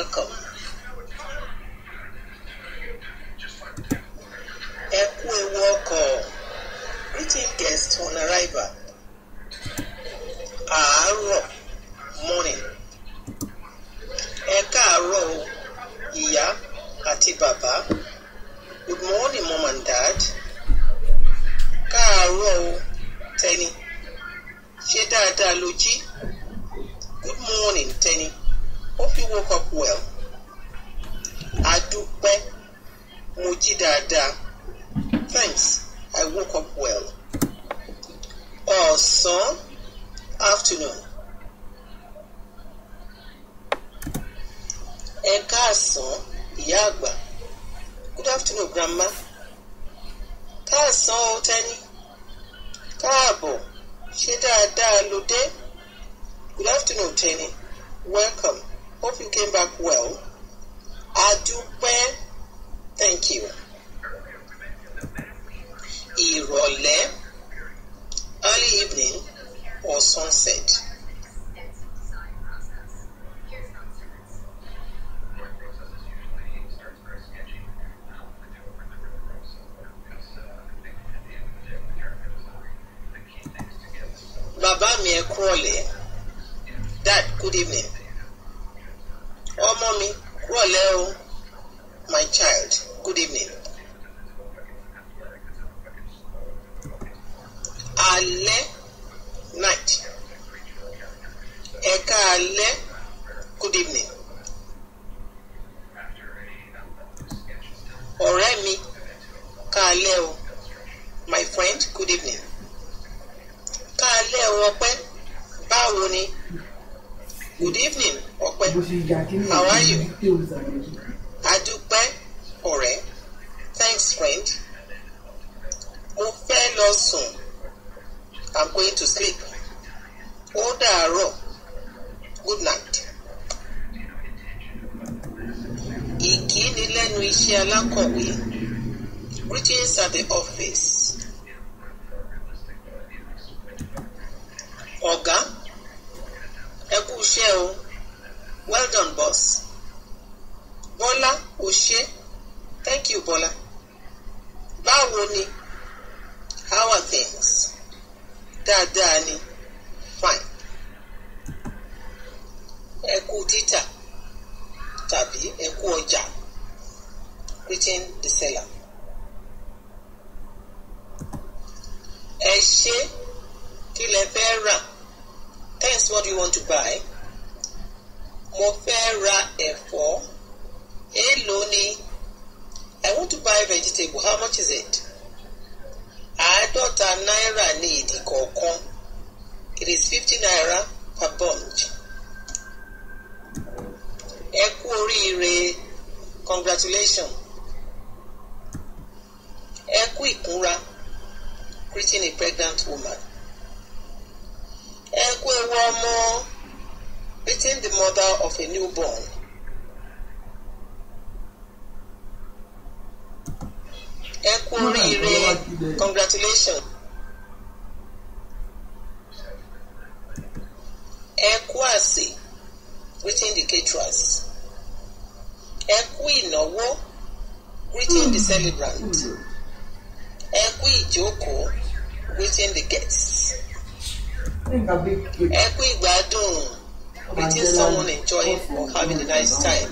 welcome. Ẹ kú ewu ọkọ̀. Greeting guests on arrival. woke up well a dúpẹ́ mo jí dáadáa thanks I woke up well ọ̀sán afternoon ẹ káàsán ìyá àgbà good afternoon grandma káàsán o tẹ́ni káàbọ̀ ṣé dáadáa ló dé good afternoon tẹ́ni welcome. Hope you came back well. I do Adúpẹ́. Thank you. Ìrọ̀lẹ́. Early evening or sunset. Bàbá mi ẹ Dad, good evening. rọ̀lẹ́ o my child good evening. alẹ́ night ẹ̀ka alẹ́ good evening. ọ̀rẹ́ mi káalẹ́ o my friend good evening. káalẹ́ o ọpẹ́ báwo ni. good evening ọpẹ how are you adúpẹ́ ọ̀rẹ́ thanks friend mo fẹ́ lọ sùn i'm going to sleep ó dàárọ̀ good night Iki ìkíni lẹ́nu iṣẹ́ alákọ̀wé greetings at the office ọ̀gá. kù ṣẹ́ o well done boss bọ́lá o thank you bọ́lá báwo ni how are things dáadáa ni fine ẹ kú títà tàbí ẹ kú ọjà greeting the seller ẹ ṣé kí lẹ fẹ́ rà thanks what do you want to buy. It is 50 naira per bunch. Ẹ kú oríire congratulations. Ẹ kú greeting a pregnant woman. Ẹ kú greeting the mother of a newborn. Ẹ kú oríire congratulations. ẹ àsè greeting the caterers ẹ ìnáwó greeting hmm. the celebrant ẹ hmm. ìjókòó greeting the guests ẹ ìgbádùn greeting someone enjoying or having a nice time.